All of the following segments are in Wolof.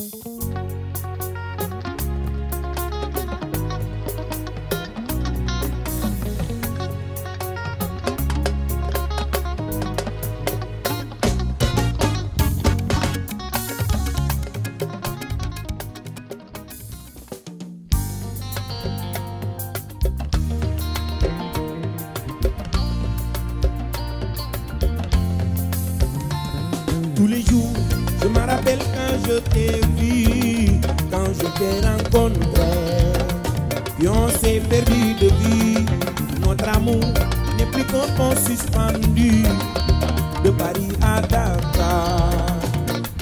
Música Et on s'est perdu de vie notre amour n'est plus qu'un pont suspendu de Paris à Dakar.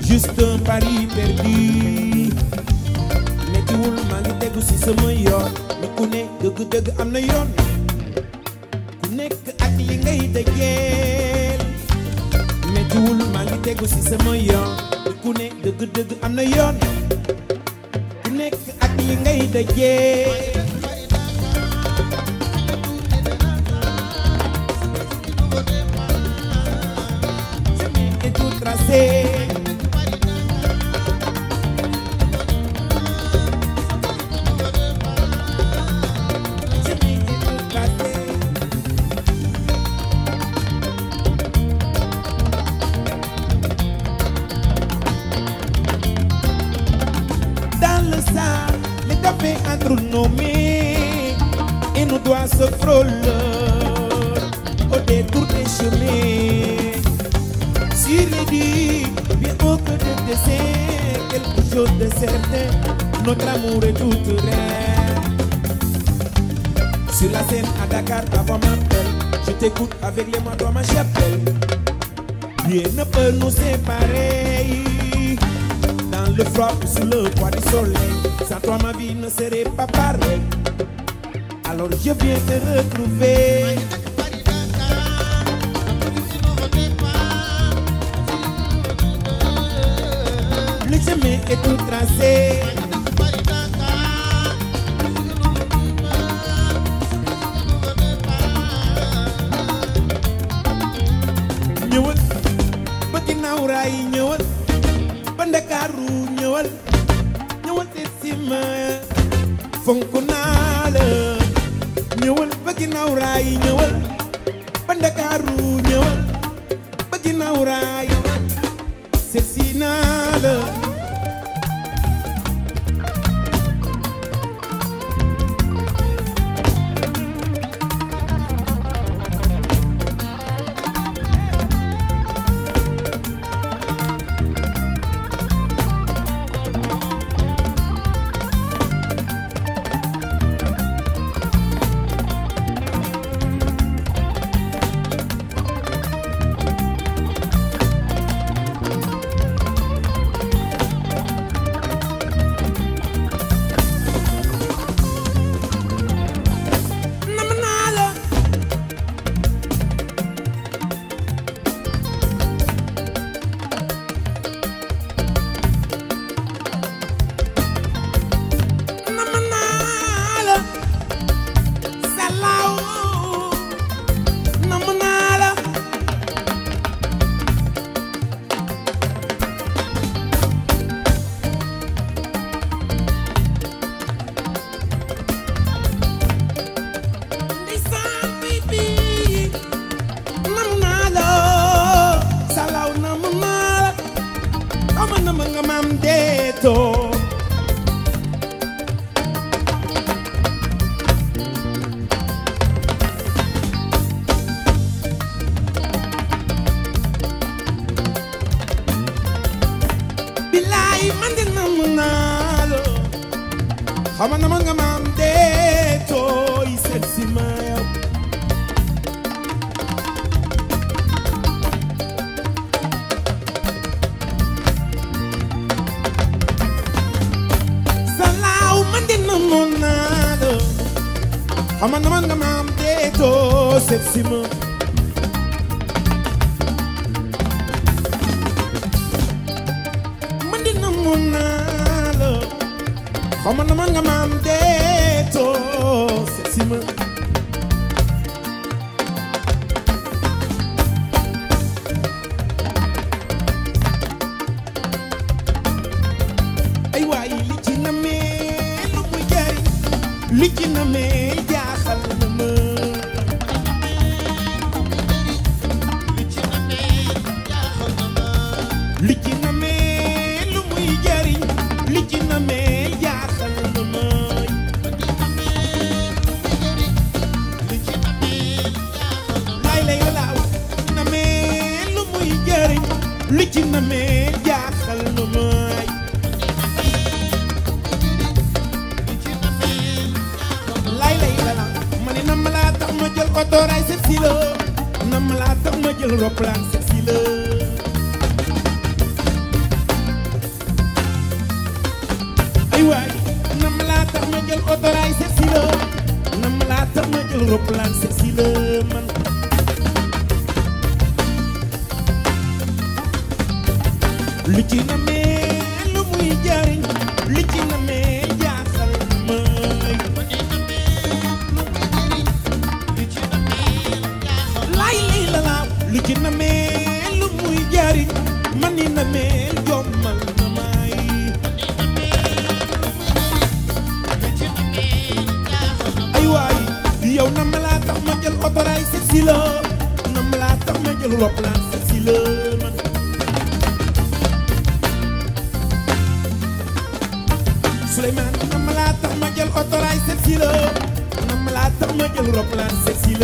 Juste un pari perdu. Mais tout le monde est Mais est de que à tout le monde te quiero. Écoute, avec les mains dans ma chapelle. Rien ne peut nous séparer. Dans le froid ou sous le poids du soleil, sans toi ma vie ne serait pas pareille. Alors je viens te retrouver. Le chemin est tout tracé. fonk na jël roplaan sexy la ay waay nam laa tax ma jël lu muy jariñ lu ci namee ki na mel lu muy jariñ man ni na mel jommal na may ay waay yow na ma laa ma jël otoraay seet si la na ma laa tax ma jël roplaan la man Souleymane na ma laa ma jël otoraay seet si la na ma laa tax ma jël roplaan seet si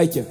Айке.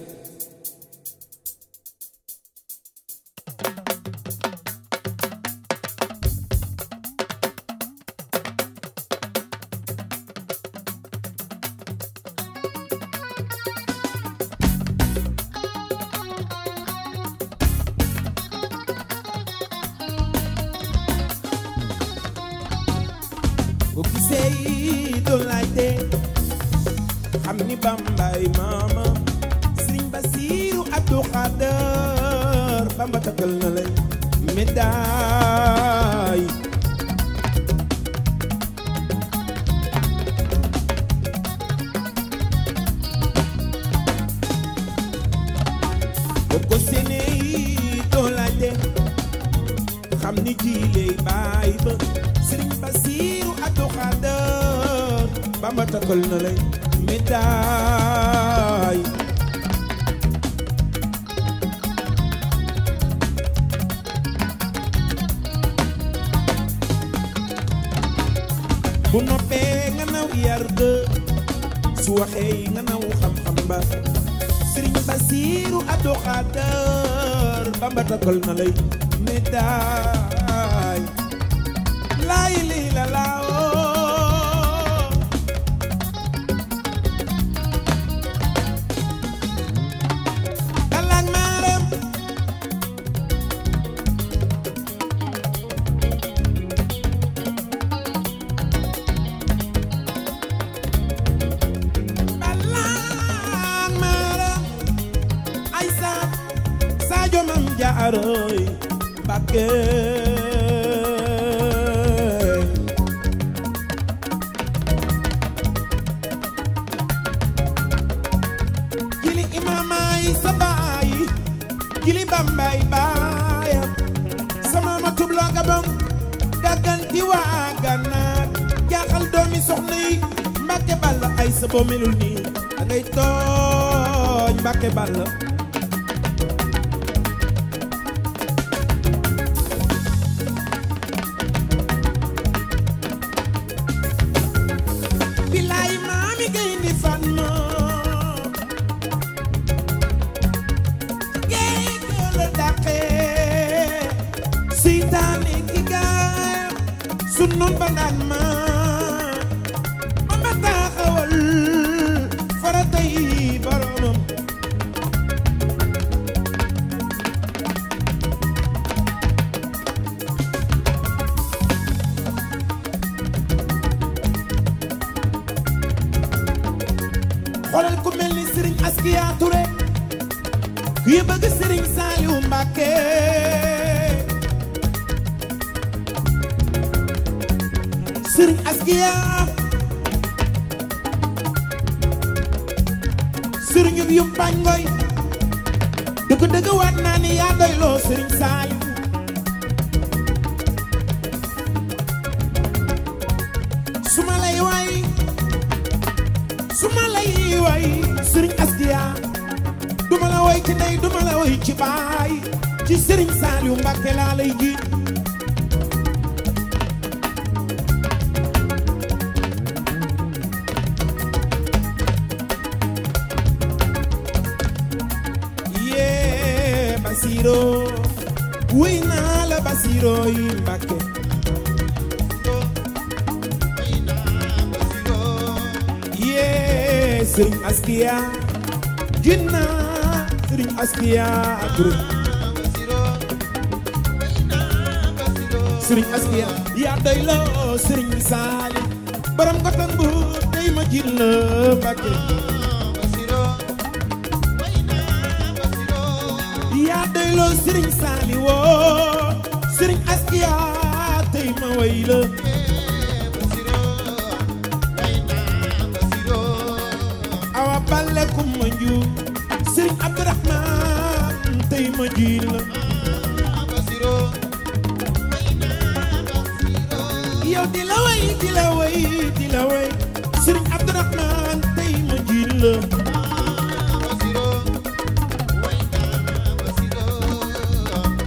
boo ko séenee doo laajte xam ni ji lay bàyyi ba Sëriñ Basiiru Abdu Xaadir Bamba takkal na lay médaille bu noppee nga naw yar su waxee nga naw xam-xam sëriñ Basiiru Abdu Xaadir Bamba takkal na lay médaay laay lii la laaw banaan ma ma taxawal faratay boromam xoolal ku mel Askia yaa sëriñu bi yum bañ ngoy dëgg dëgg waat naa ni yaa doy loo sëriñ saay way su way sëriñ askiya duma la way ci ndey duma way ci baay ci sëriñ Saaliw Mbàkke laa lay ji askiya jinna sëriñ askiya groupe sëriñ askiya yaa doy loo sëriñ saali borom gotan bu tey ma jinna mbàkke yaa doy loo sëriñ saali woo sëriñ askiya tey ma way la njuum sëriñ Abdourahmane tey ma jiil yow di la way di la way di la way sëriñ Abdourahmane tey ma jiil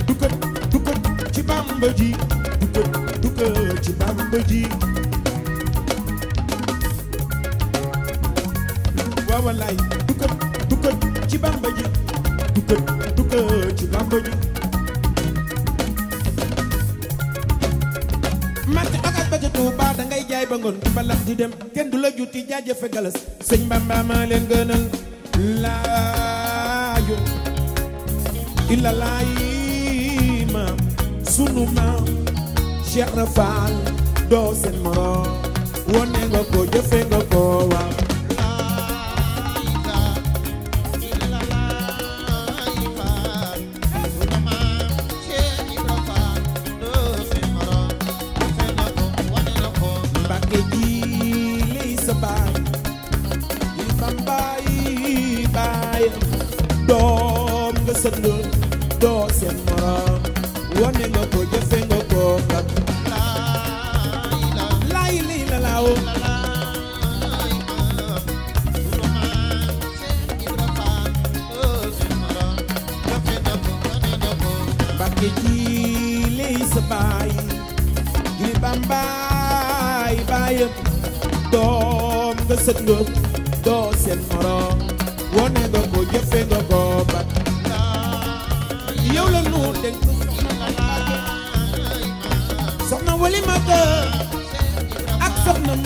dukkat dukkat ci Bamba ji dukkat dukkat ci Bamba ji waaw wallaay ci bamba ji dugg dugg ci bamba ji màtt ak ak baja Tuuba da jaay ba ngoon di balax di dem kenn du la juuti jaajëfe galas sëñ Bamba maa leen gënal laayu illa laayi maam sunu maam Cheikh Rafal doo seen moroom wone nga ko jëfe nga ko waaw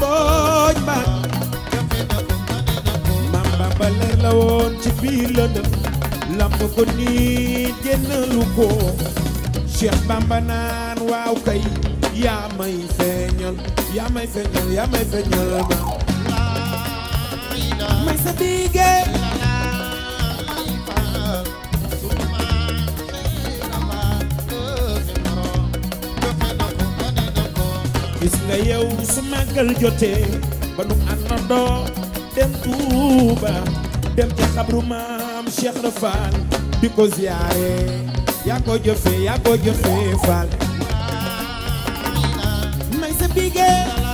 tooñ ma maam Bamba leer la woon ci biir lëndëm lamb ko nit génnalu ko Cheikh Bamba naan waaw kay yaa may feeñal yaa may feeñal yaa may feeñal ma may sa diige la yow su màggal jotee ba nu àndandoo dem Tuuba dem ca xabru maam Cheikh Rafal di ko ziyaare yaa ko jëfe yaa ko jëfe Fall may sa bigee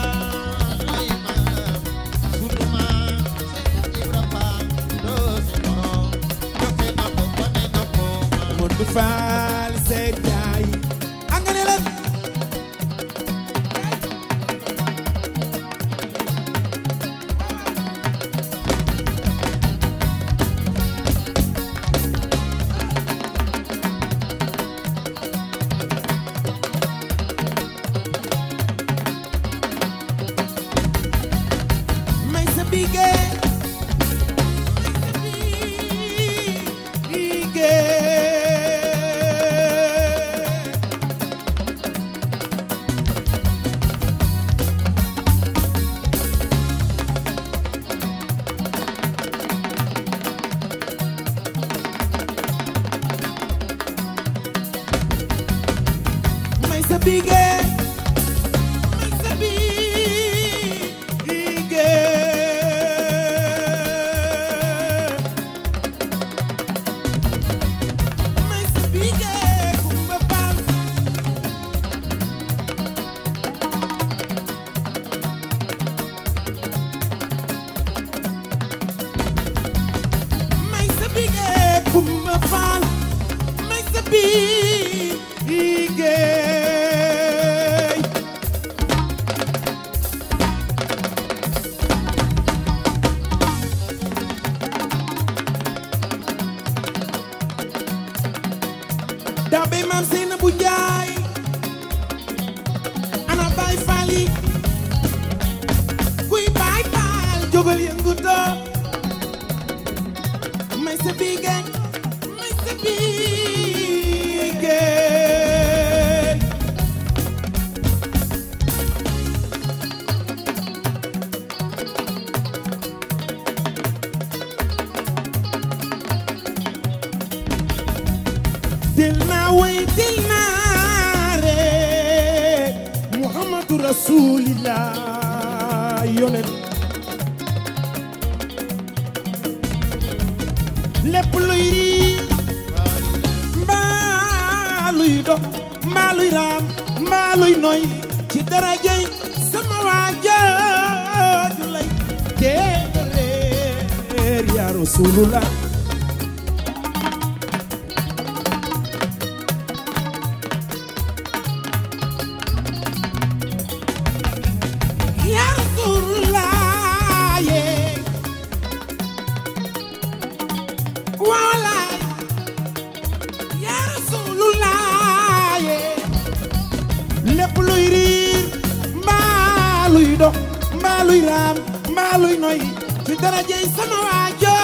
luy noy ci darajey sama waajo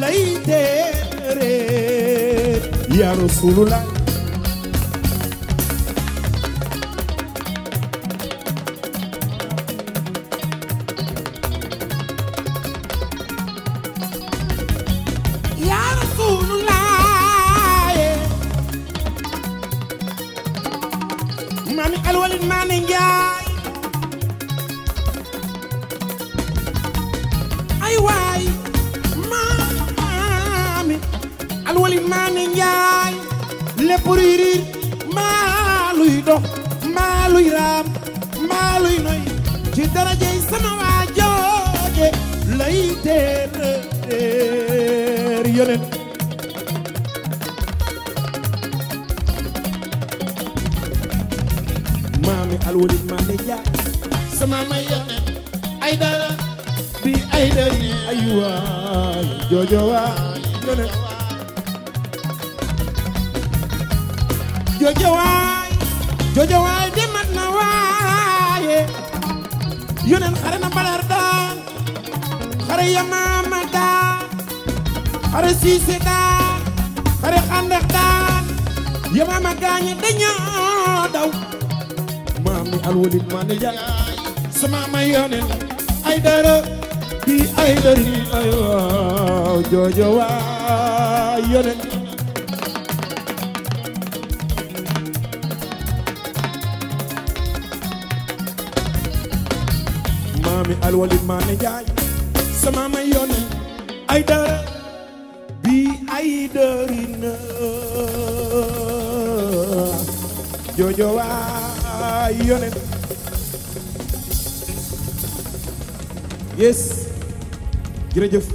lay téere ya rasulullah jojo wa yone na waaye yonen xare na daan xare yamaama daan xare siise daan xare xandex daan yamaama gaañe dañoo daw maam mi alwalid maa jaay sama ma yonen ay dara fi ay darin ay waaw joojo waay yonen maami alwalid jaay sama may yonen ay dara bi ay darin joojo yes jërëjëf.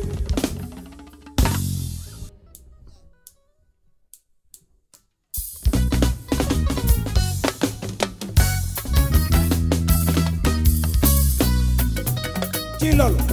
ci loolu.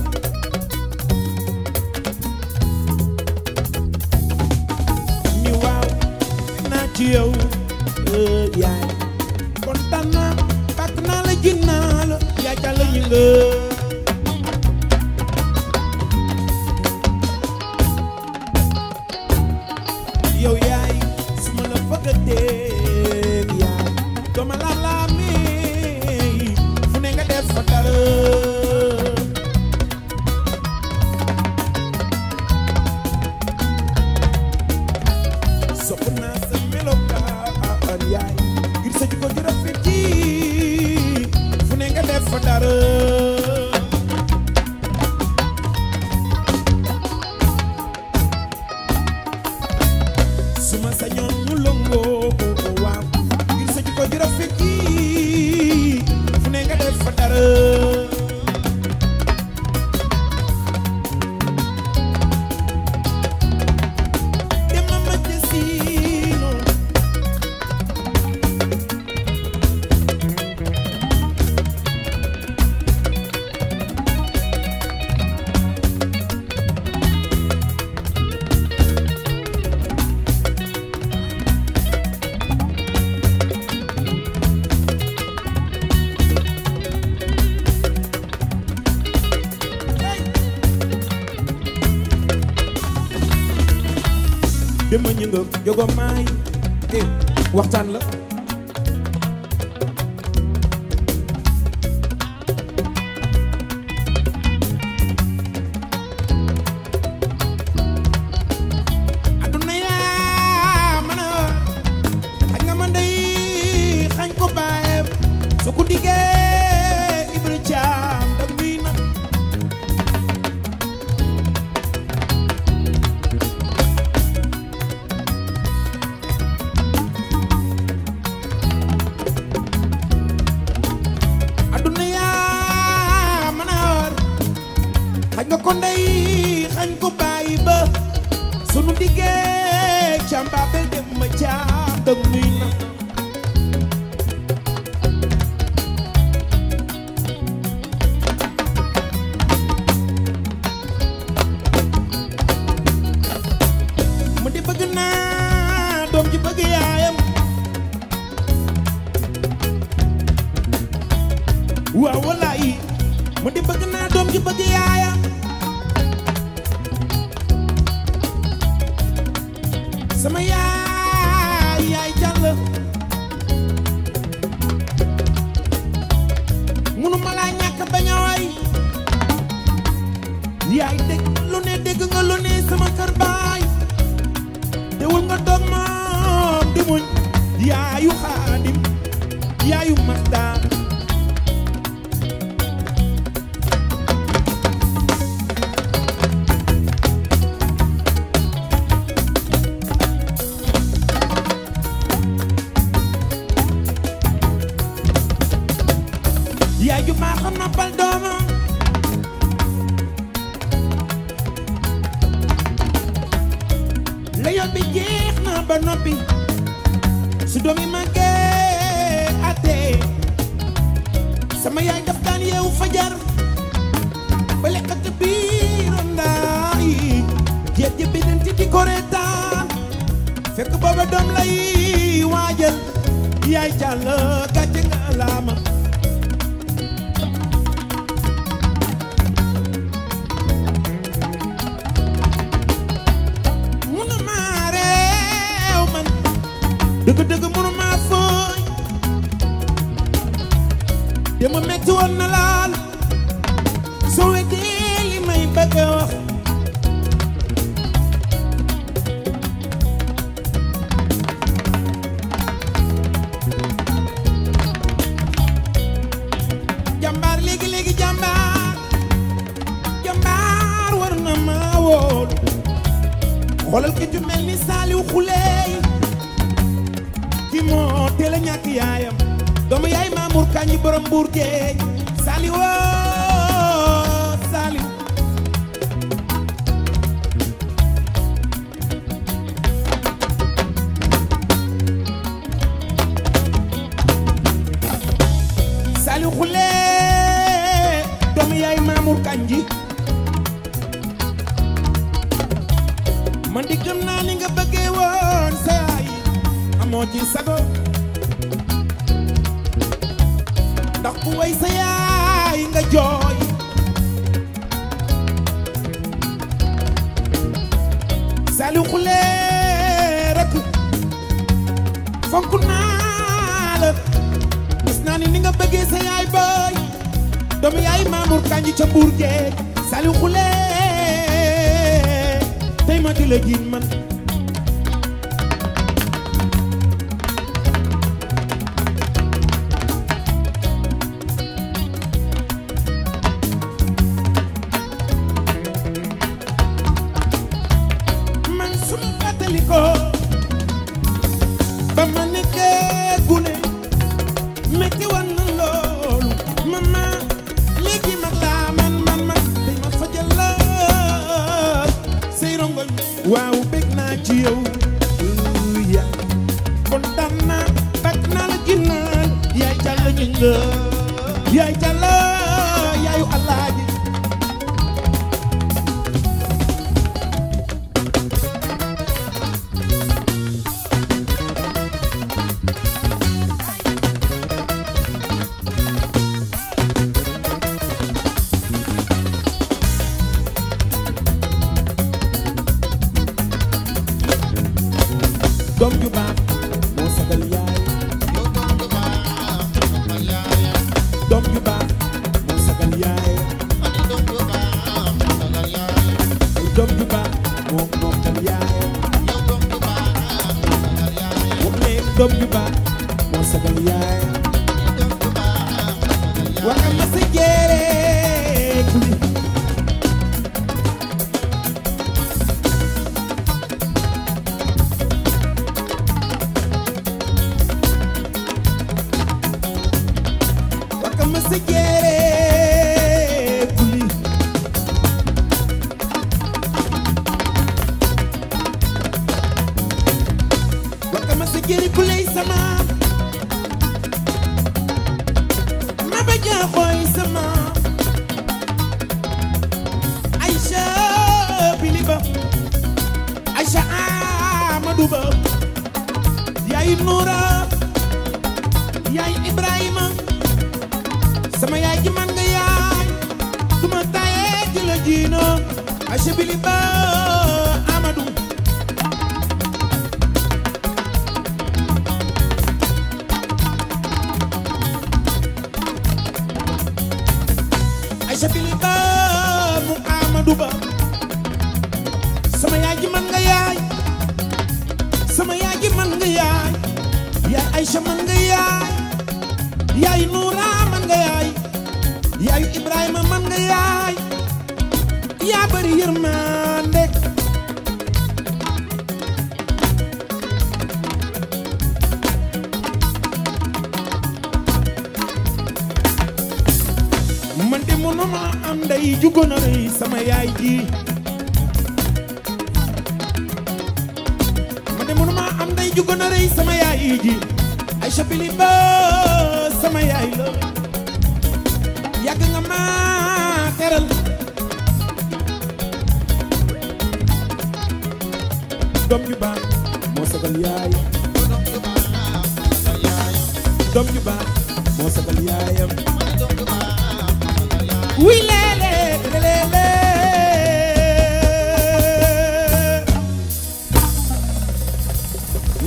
dama ñëngam yogom maay eh, waxtaan la Ya ju maa xam nampal doomam la yoon bi jeex na ba su sama yaay fajar ba lekkat biiram ndaay jeet ja beneen ci di ko reetaan fekk booba lay yaay nga fàtte na laal soo weddee li may bëgg a wax jàmbaar léegi léegi jàmbaar jàmbaar na ma xoolal ki ju ni Saliou Khoulé ki moo teel yaayam doomu yaay Mamour Kañ borom Mbour Géej Saliou Khoulé rek fonk naa la gis naa ni ni nga yaay bay doomu yaay Mamour Kanji ca Mbour géej Saliou Khoulé tey ma la jiin man Como se siguieres.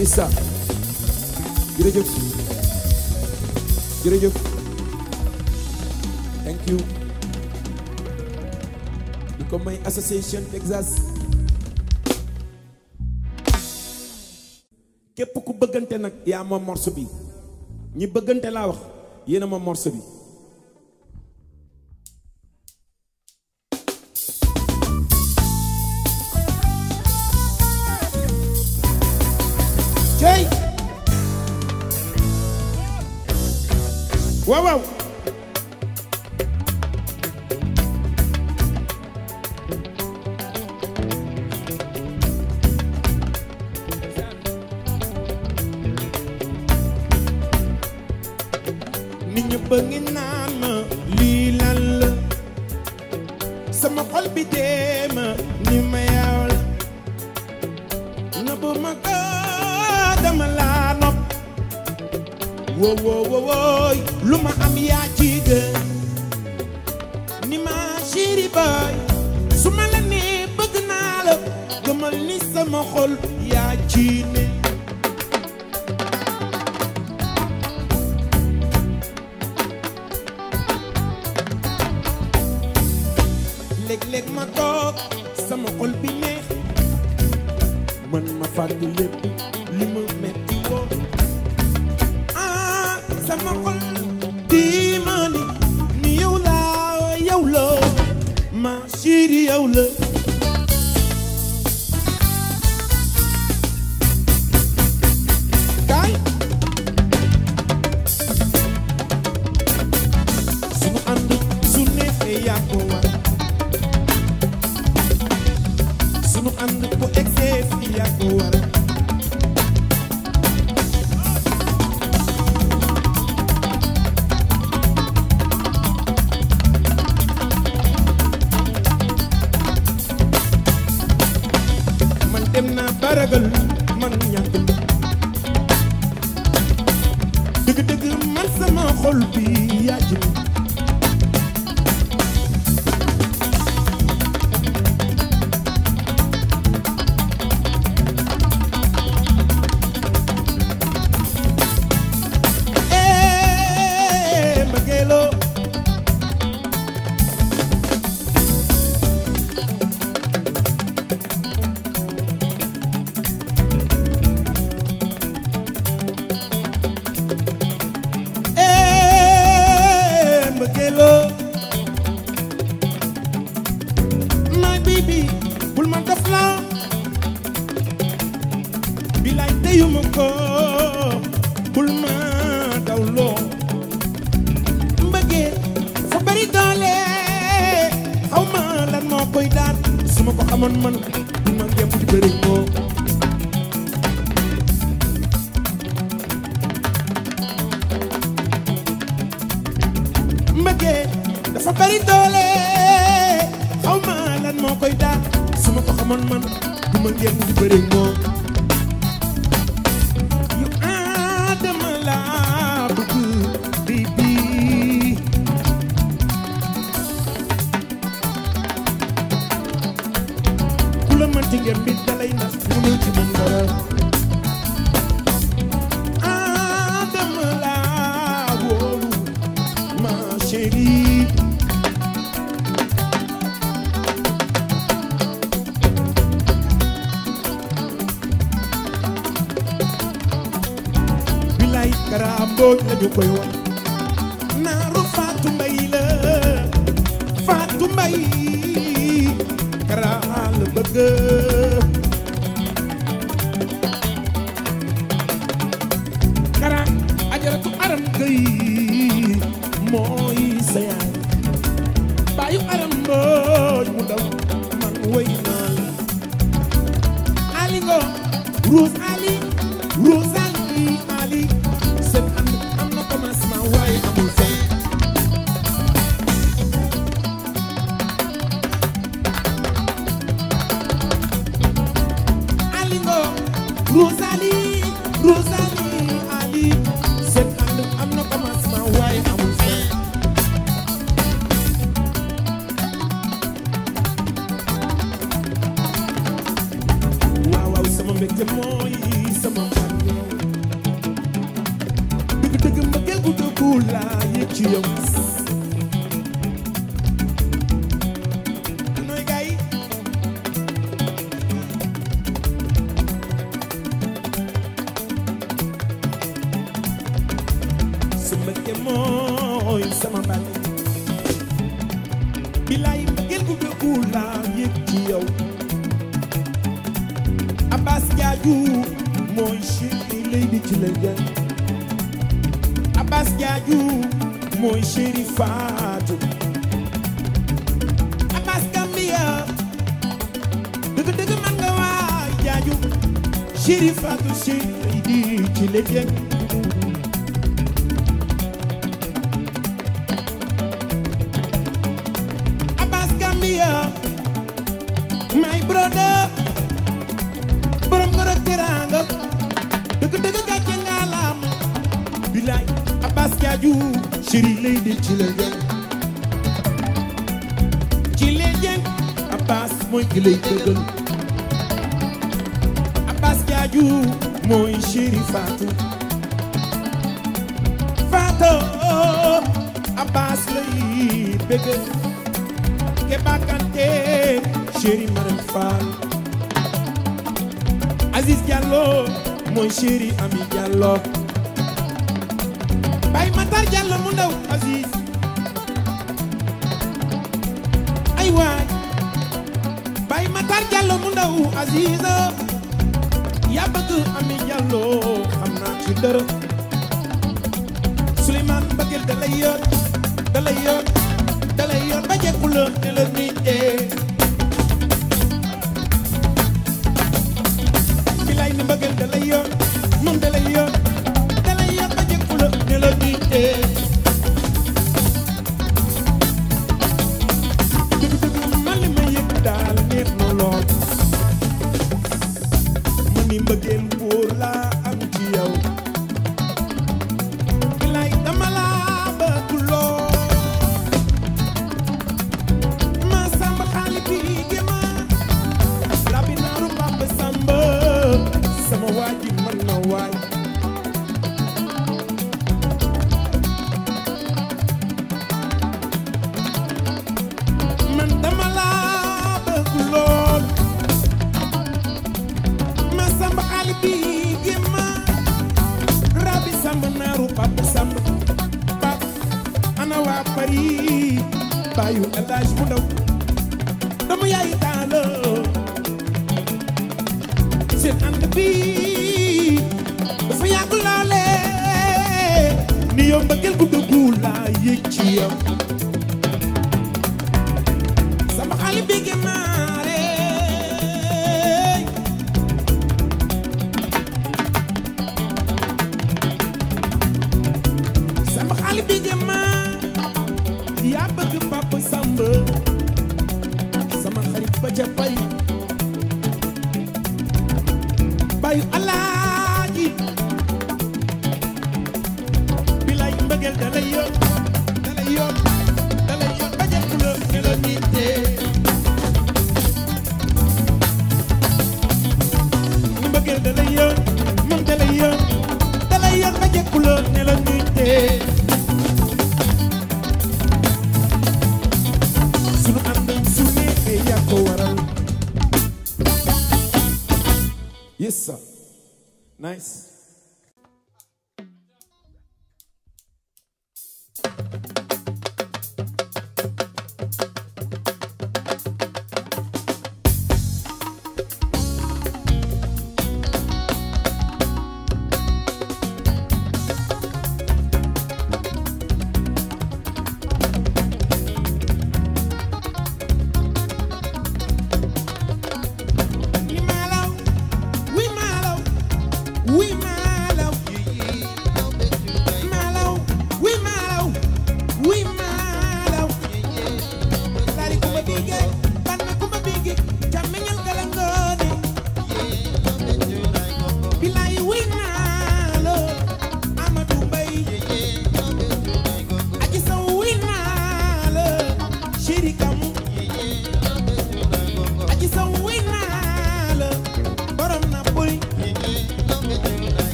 Missa jërëjëf ko may association Texas képp ku bëggante nag yaa moom morceau bi ñi bëggante laa wax yéena moom morceau bi sunu ànd bu eggee fii yaa ko ñu koy wax naaru Fatou Mbaye la Fatou Mbaye karaal bëgg Chéri Fatou Chéri di ci léegi Abbas Gambia my brother borom ngor ak teranga dëgg dëgg gàcce nga laam bilaay lay di ci léegi ci léegi Abbas mooy ki lay dëggal Fatou mooy chéri Fatou Fatou Abbas lay bëgg Keba Kanté chéri Maram Fall Aziz Diallo mooy chéri Ami Diallo Baye Matar Diallo mu ndaw Aziz ay waay Baye Matar Diallo mu ndaw Aziz bëgg ami yàllo xam naa ci dara Souleymane mbëggeel dalay yoon dalay yoon dalay yoon ba jekku la ne la nii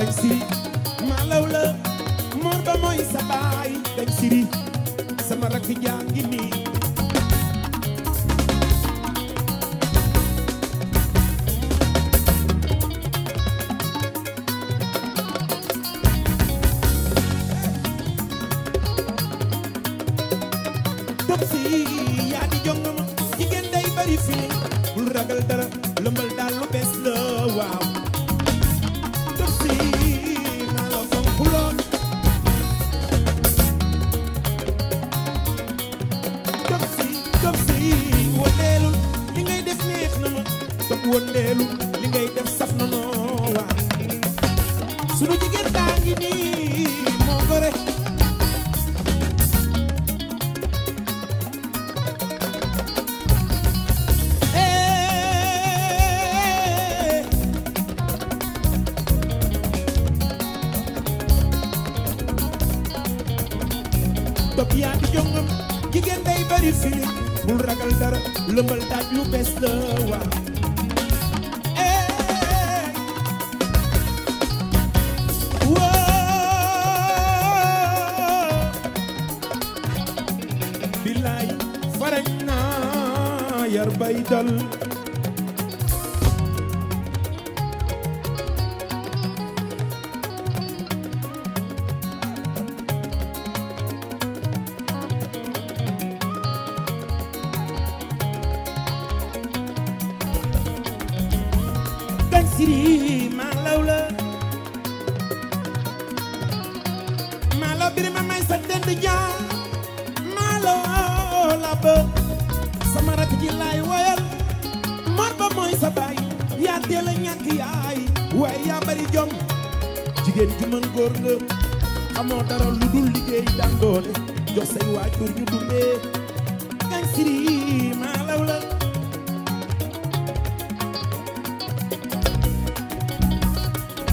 dañ siri maa law la moor ba mooy sa baay dañ siri sama rakk jaa ngi nii danaan teel a ñàkk yaay waaye yaa bari a jigéen ju mën góor nga amoo dara lu dul liggéey daan doole jox say waajur ñu dundee kañ siri maa law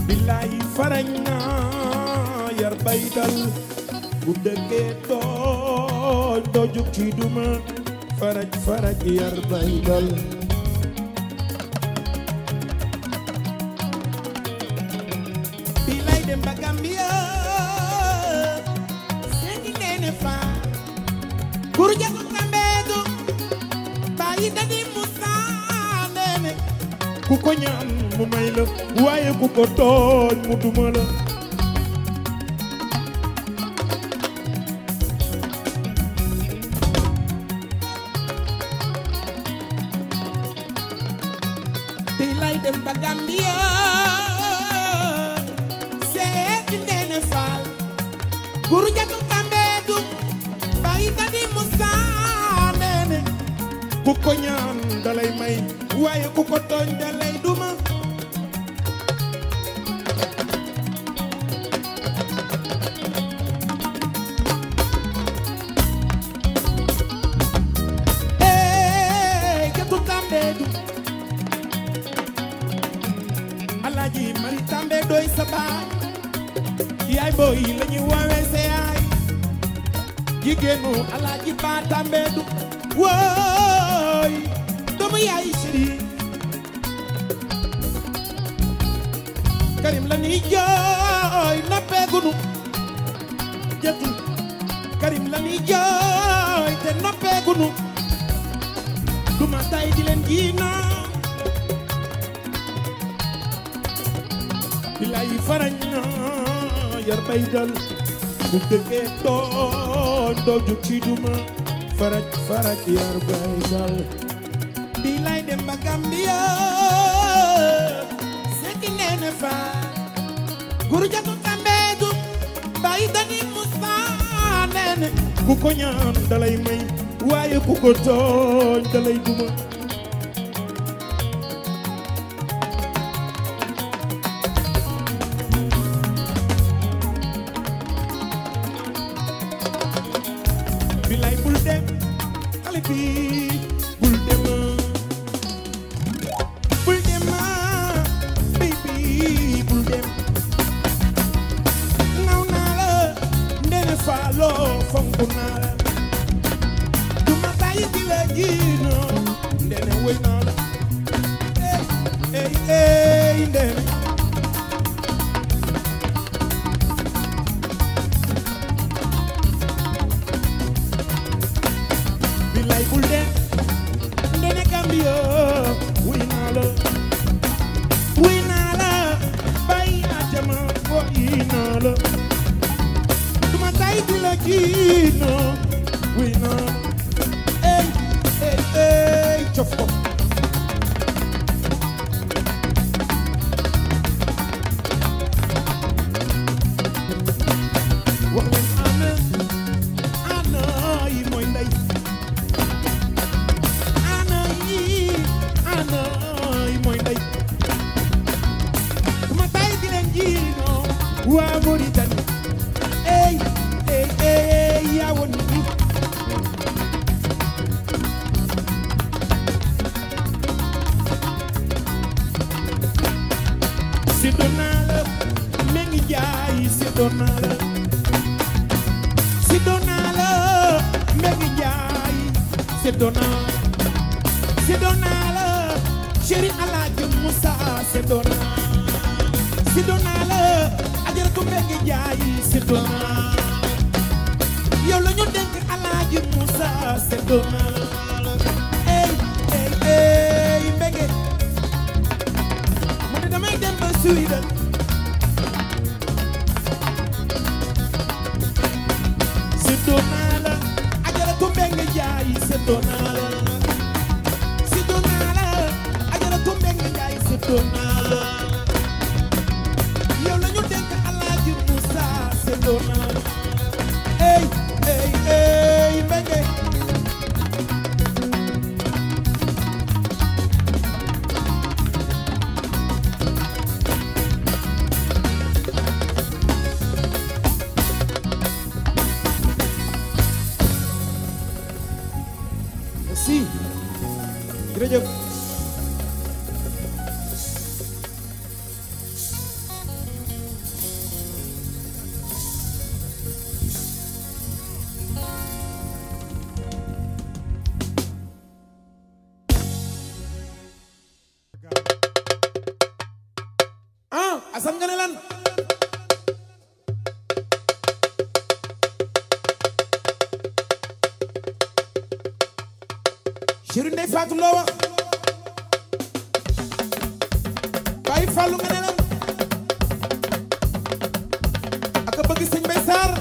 billaay farañ yar bay dal bu dëggee tooñ jug ci duma faraj faraj yar bay ñaan mu may la waaye ku ko tooñ mu duma la ñuy jooy noppeegunu jëtu Karim la ñuy jooy te noppeegunu duma tay di leen ji naa farañ na yar bay dal bu dëggee tooñ doo jug ci duma faraj faraj yar bay dal bilaay dem ba Gambia sekki neene faa gurjatu tambeedu mbay dani musa nene ku ko ñaan dalay may waaye ku ko tooñ dalay duma Sedona Sedona la chéri Alaaji Moussa Sedona Sedona la ajar ko mbéngi jaay Sedona yow la ñu dénk Fatum loo wax Baye Fallou nga ne lan aka bëgg sëñ Bay Sarr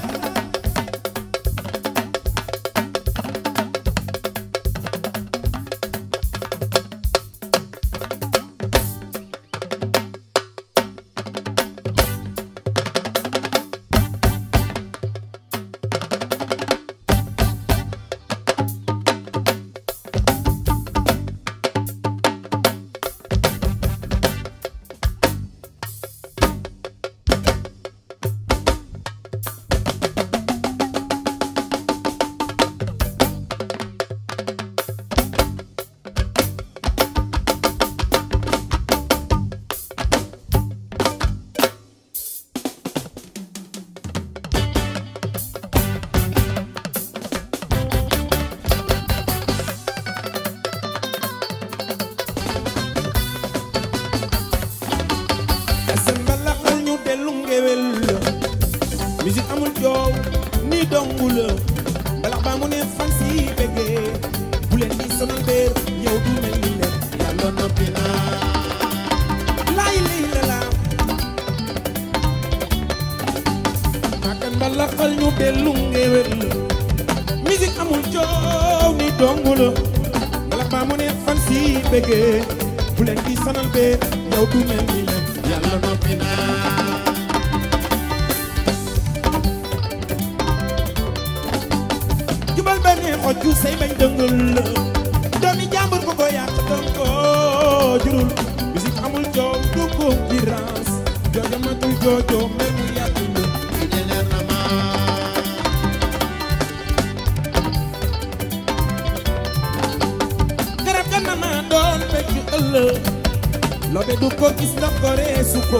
ko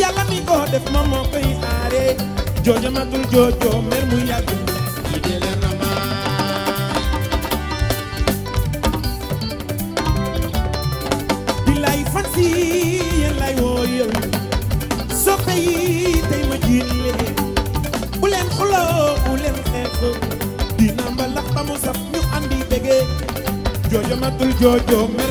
yàlla mi ko def moom moo koy aare joojo matul joojo mer mu yàgg lay woo yow soppe tey ma jiit leen bu leen xuloo bu leen xeex dina mbalax ba mu saf ñu andi bégee joojo matul joojo mer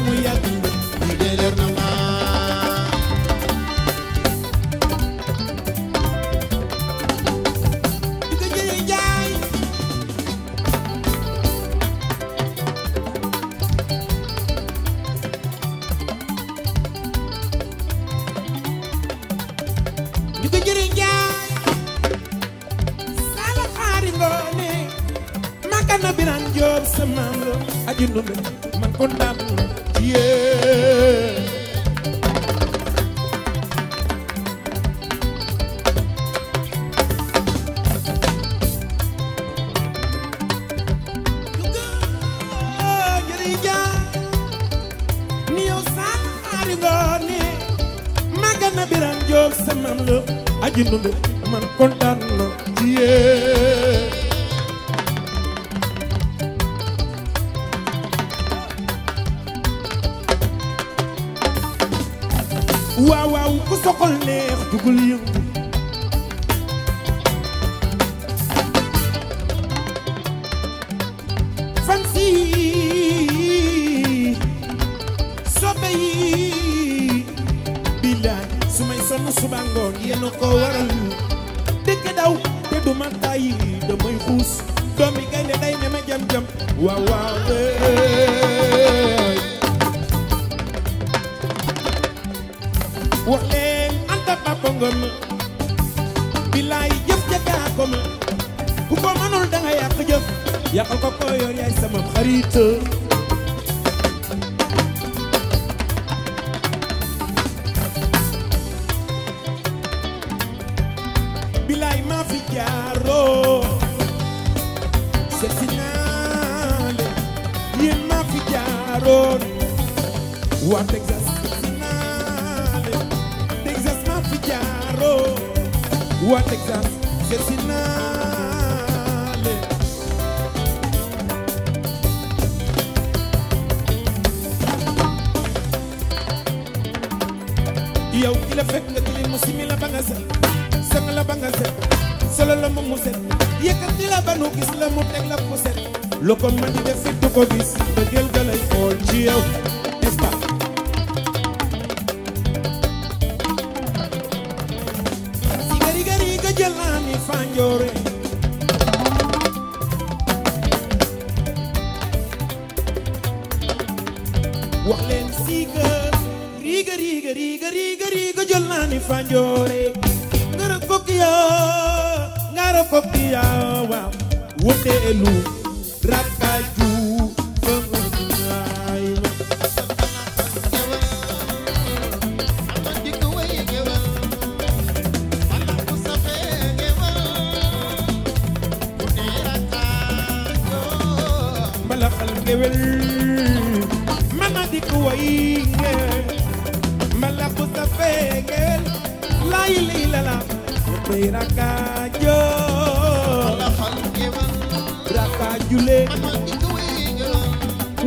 lu waral dëkk daw te du ma tàyyi damay xuus doomi gaynde day ne ma jam jam eh. wax leen Anta Papa Ngom bilaay jëf ja ko ma ku ko danga yàq jëf yàqal ko ko yor sama xarit géwél mana di ko way géwél mbala ko sa fee géwél lay lay la la tey rakaajo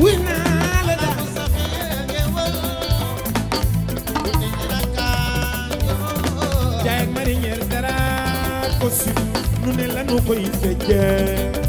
wi naa la da jaay ak mariñeer nu ne la nu koy fecce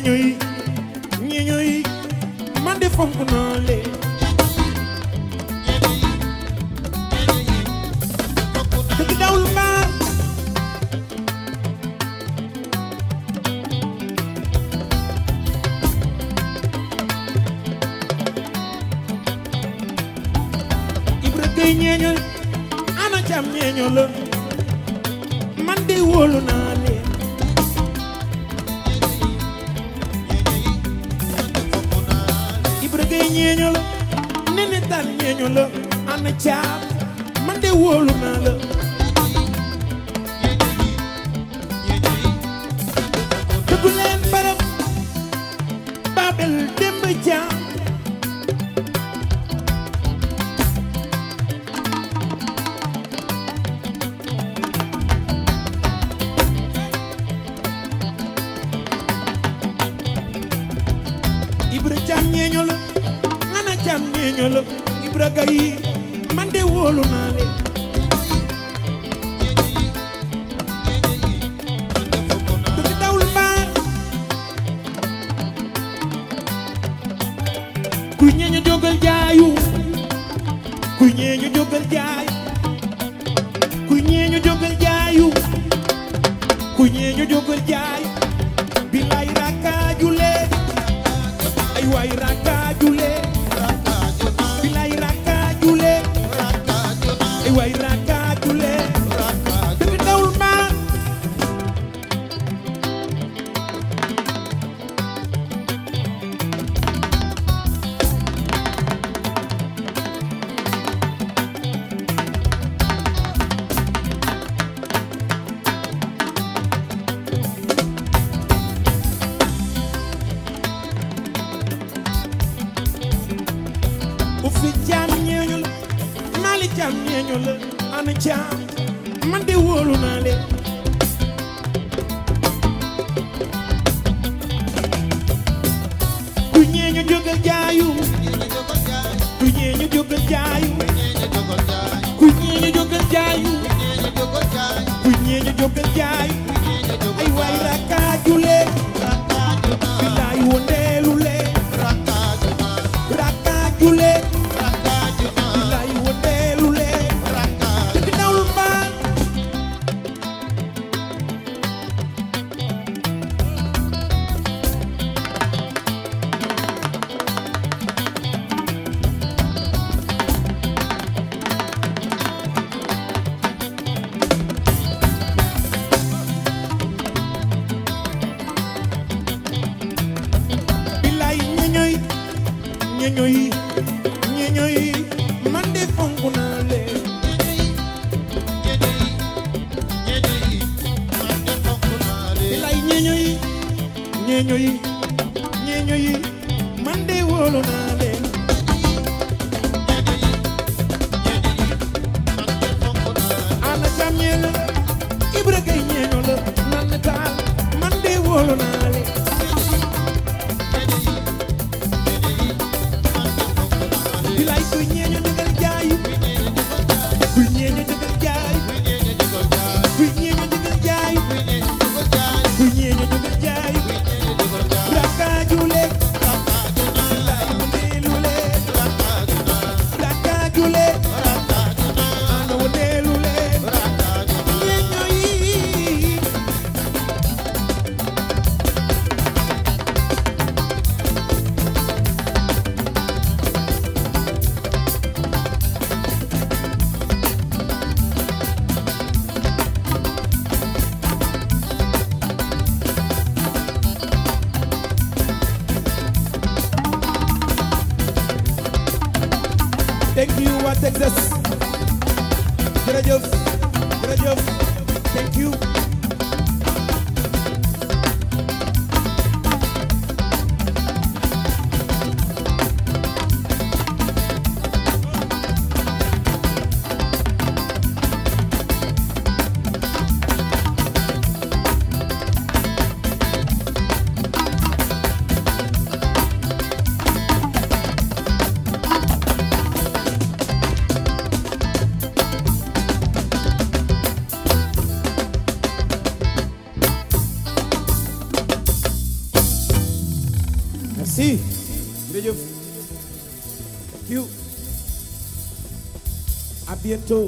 ñi ñuy ñi ñuy man de fonk naa bientôt.